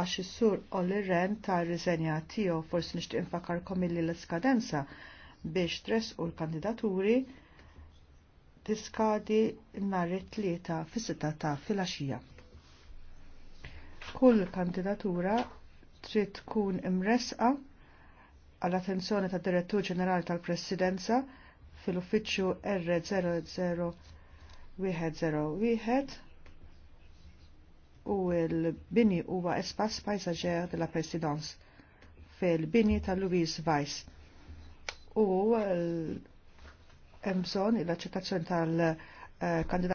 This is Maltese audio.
għax is-sur Olli Ren ta riżenja tiegħu forsi nixtieq infakarkom illi l-iskadenza biex u l-kandidaturi tiskadi nhar it-tlieta fis-sitta ta' filgħaxija. Kull kandidatura trid tkun imresqa għall-attenzjoni tad Direttur Ġenerali tal-Presidenza fil-Uffiċċju R00101 bini huwa espass pajsaġer de la Presidence fil-bini ta' Louise Weiss. U l-emżon eh, il-aċċettazzjoni tal-kandidat eh,